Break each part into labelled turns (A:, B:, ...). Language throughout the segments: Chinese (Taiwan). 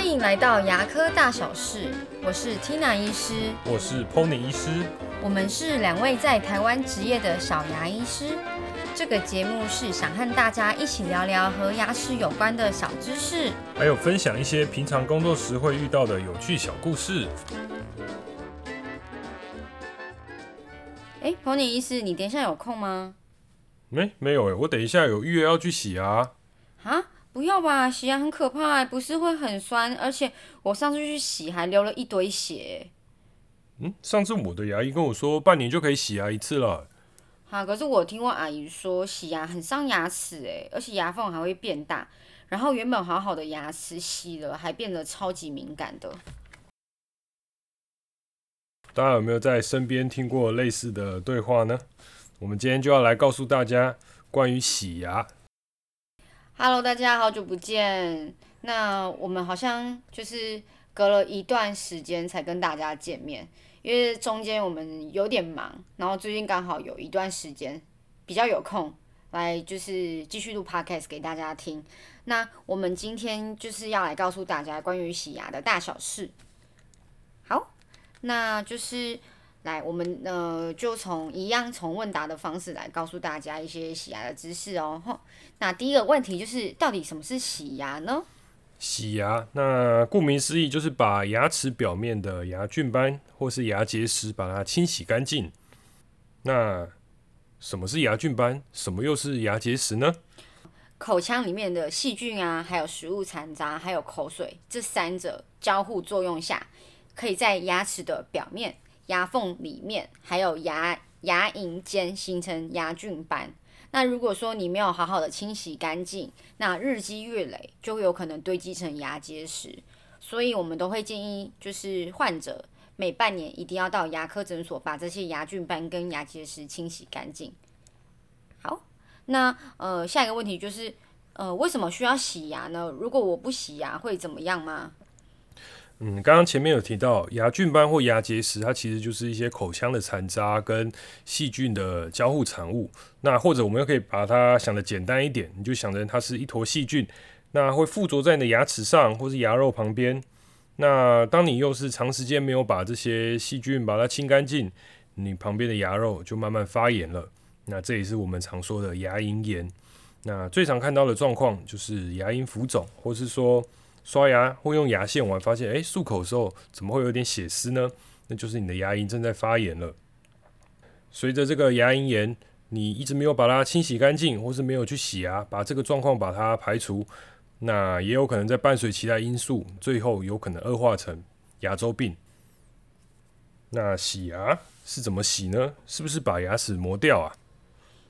A: 歡迎來到牙科大小事，我是 Tina 醫師，
B: 我是 Pony 醫師，
A: 我們是兩位在台灣執業的小牙醫師。這個節目是想和大家一起聊聊和牙齒有關的小知識，
B: 還有分享一些平常工作時會遇到的有趣小故事。
A: 哎，Pony 醫師，你等一下有空
B: 嗎？哎，沒有，我等一下有預約要去洗牙。啊？
A: 哈不要吧，洗牙很可怕哎，不是會很酸？而且我上次去洗還流了一堆血。嗯，
B: 上次我的牙醫跟我說，半年就可以洗牙一次了。
A: 哈、啊，可是我聽我阿姨說，洗牙很傷牙齒哎，而且牙縫還會變大，然後原本好好的牙齒洗了還變得超級敏感的。
B: 大家有沒有在身邊聽過類似的對話呢？我們今天就要來告訴大家關於洗牙。
A: Hello，大家好久不見。那我們好像就是隔了一段時間才跟大家見面，因為中間我們有點忙，然後最近剛好有一段時間比較有空，來就是繼續錄 Podcast 給大家聽。那我們今天就是要來告訴大家關於洗牙的大小事。好，那就是。來，我們呃，就從一樣從問答的方式來告訴大家一些洗牙的知識哦。那第一個問題就是，到底什麼是洗牙呢？
B: 洗牙，那顧名思義就是把牙齒表面的牙菌斑或是牙結石把它清洗乾淨。那什麼是牙菌斑？什麼又是牙結石呢？
A: 口腔裡面的細菌啊，還有食物殘渣，還有口水，這三者交互作用下，可以在牙齒的表面。牙縫裡面還有牙牙齦間形成牙菌斑，那如果說你沒有好好的清洗乾淨，那日積月累就有可能堆積成牙結石，所以我們都會建議就是患者，每半年一定要到牙科診所把這些牙菌斑跟牙結石清洗乾淨。好，那呃下一個問題就是呃，為什麼需要洗牙呢？如果我不洗牙會怎麼樣嗎？
B: 嗯，剛剛前面有提到牙菌斑或牙結石，它其實就是一些口腔的殘渣跟細菌的交互產物。那或者我們又可以把它想得簡單一點，你就想着它是一坨細菌，那會附着在你的牙齒上或是牙肉旁邊。那當你又是長時間沒有把這些細菌把它清乾淨，你旁邊的牙肉就慢慢發炎了。那這也是我們常說的牙齦炎。那最常看到的狀況就是牙齦浮腫，或是說，刷牙或用牙線完，發現哎、欸、漱口的時候怎麼會有點血絲呢？那就是你的牙齦正在發炎了。隨着這個牙齦炎，你一直沒有把它清洗乾淨，或是沒有去洗牙，把這個狀況把它排除，那也有可能在伴隨其他因素，最後有可能惡化成牙周病。那洗牙是怎麼洗呢？是不是把牙齒磨掉啊？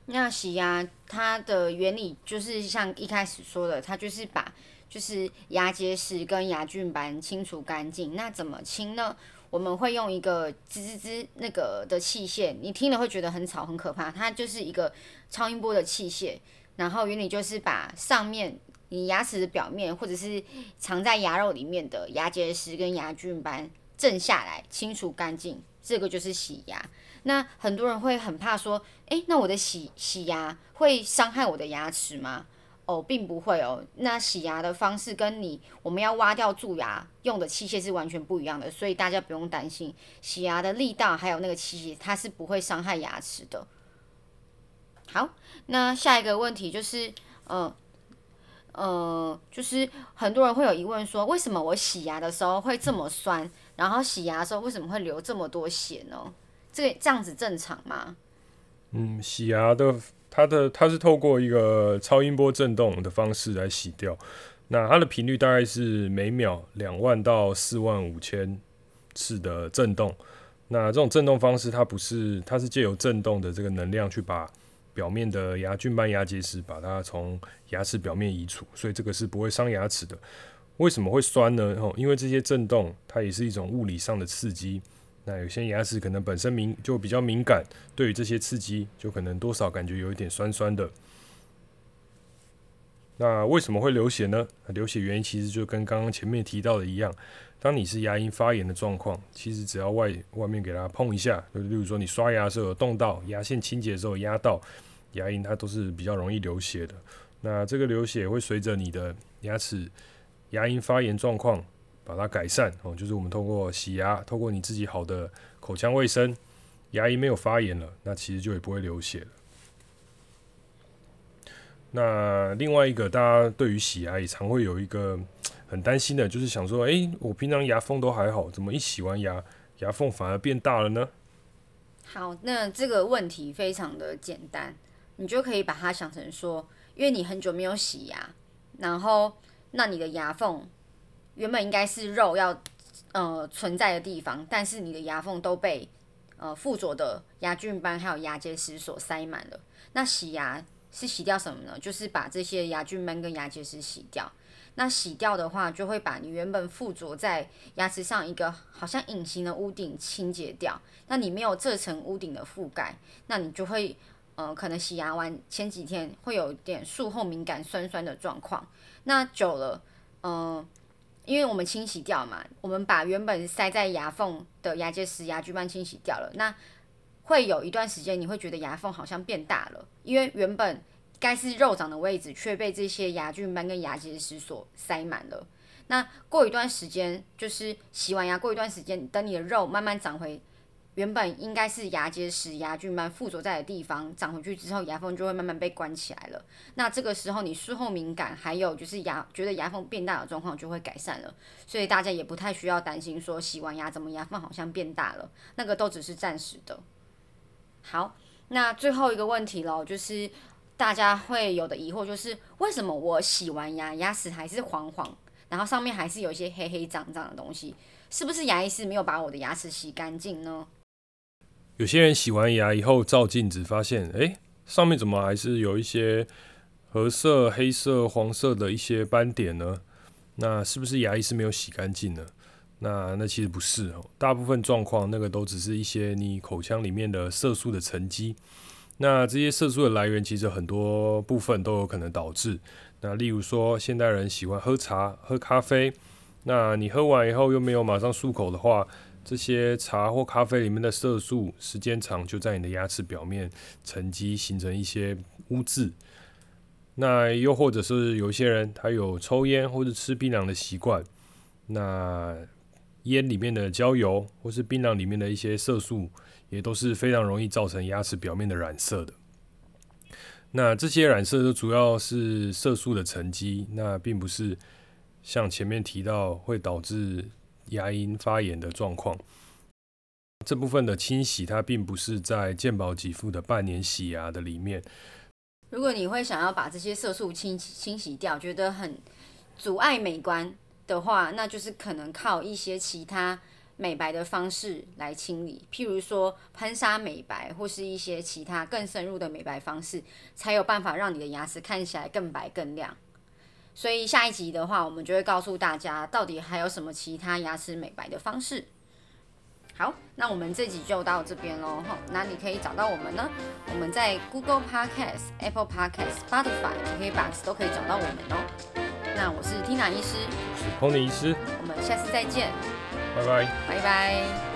A: 那洗牙它的原理就是像一開始說的，它就是把就是牙結石跟牙菌斑清除乾淨，那怎麼清呢？我們會用一個滋滋滋那個的器械，你聽了會覺得很吵很可怕，它就是一個超音波的器械，然後原理就是把上面你牙齒的表面或者是藏在牙肉裡面的牙結石跟牙菌斑震下來，清除乾淨，這個就是洗牙。那很多人會很怕說，誒、欸，那我的洗洗牙會傷害我的牙齒嗎？哦，並不會哦。那洗牙的方式跟你我們要挖掉蛀牙用的器械是完全不一樣的，所以大家不用擔心洗牙的力道還有那個器械，它是不會傷害牙齒的。好，那下一個問題就是，嗯、呃，嗯、呃，就是很多人會有疑問說，為什麼我洗牙的時候會這麼酸？然後洗牙的時候為什麼會流這麼多血呢？這個這樣子正常嗎？嗯，
B: 洗牙的。它的它是透過一個超音波震動的方式來洗掉，那它的頻率大概是每秒兩萬到四萬五千次的震動。那這種震動方式它不是，它是借由震動的這個能量去把表面的牙菌斑、牙結石把它從牙齒表面移除，所以這個是不會傷牙齒的。為什麼會酸呢？因為這些震動它也是一種物理上的刺激。那有些牙齒可能本身敏就比較敏感，對於這些刺激，就可能多少感覺有一點酸酸的。那為什麼會流血呢？流血原因其實就跟剛剛前面提到的一樣，當你是牙齦發炎的狀況，其實只要外外面給它碰一下，就例如說你刷牙的時候有動到牙線清潔的時候有壓到牙齦，它都是比較容易流血的。那這個流血會隨着你的牙齒牙齦發炎狀況。把它改善哦，就是我們通過洗牙，透過你自己好的口腔衛生，牙齦沒有發炎了，那其實就也不會流血了。那另外一個大家對於洗牙也常會有一個很擔心的，就是想說，哎、欸，我平常牙縫都還好，怎麼一洗完牙，牙縫反而變大了呢？
A: 好，那這個問題非常的簡單，你就可以把它想成說，因為你很久沒有洗牙，然後那你的牙縫。原本應該是肉要，呃，存在的地方，但是你的牙縫都被呃附着的牙菌斑還有牙結石所塞滿了。那洗牙是洗掉什麼呢？就是把這些牙菌斑跟牙結石洗掉。那洗掉的話，就會把你原本附着在牙齒上一個好像隱形的屋頂清潔掉。那你沒有這層屋頂的覆蓋，那你就會呃可能洗牙完前幾天會有一點術後敏感酸酸的狀況。那久了，嗯、呃。因為我們清洗掉嘛，我們把原本塞在牙縫的牙結石、牙菌斑清洗掉了，那會有一段時間，你會覺得牙縫好像變大了，因為原本該是肉長的位置，卻被這些牙菌斑跟牙結石所塞滿了。那過一段時間，就是洗完牙，過一段時間，等你的肉慢慢長回。原本應該是牙結石、牙菌斑附着在的地方長回去之後，牙縫就會慢慢被關起來了。那這個時候你術後敏感，還有就是牙覺得牙縫變大的狀況就會改善了，所以大家也不太需要擔心說洗完牙怎麼牙縫好像變大了，那個都只是暫時的。好，那最後一個問題嘍，就是大家會有的疑惑就是為什麼我洗完牙牙齒還是黃黃，然後上面還是有一些黑黑髒髒的東西，是不是牙醫師沒有把我的牙齒洗乾淨呢？
B: 有些人洗完牙以後照鏡子發現，誒，上面怎麼還是有一些褐色、黑色、黃色的一些斑點呢？那是不是牙醫是沒有洗乾淨呢？那那其實不是哦，大部分狀況那個都只是一些你口腔裡面的色素的沉積。那這些色素的來源其實很多部分都有可能導致。那例如說，現代人喜歡喝茶、喝咖啡，那你喝完以後又沒有馬上漱口的話。這些茶或咖啡裡面的色素，時間長就在你的牙齒表面沉積，形成一些污漬。那又或者是有些人，他有抽煙或者吃檳榔的習慣，那煙裡面的焦油或是檳榔裡面的一些色素，也都是非常容易造成牙齒表面的染色的。那這些染色都主要是色素的沉積，那並不是像前面提到會導致。牙齦發炎的狀況，這部分的清洗它並不是在健保給付的半年洗牙的裡面。
A: 如果你會想要把這些色素清清洗掉，覺得很阻礙美觀的話，那就是可能靠一些其他美白的方式來清理，譬如說噴砂美白或是一些其他更深入的美白方式，才有辦法讓你的牙齒看起來更白更亮。所以下一集的話，我們就會告訴大家到底還有什麼其他牙齒美白的方式。好，那我們這集就到這邊嘍哈。哪裡可以找到我們呢？我們在 Google Podcast、Apple Podcast、Spotify KKBOX 都可以找到我們哦。那我是 Tina 醫師，
B: 我是 Pony 醫師。
A: 我們下次再見，
B: 拜拜，
A: 拜拜。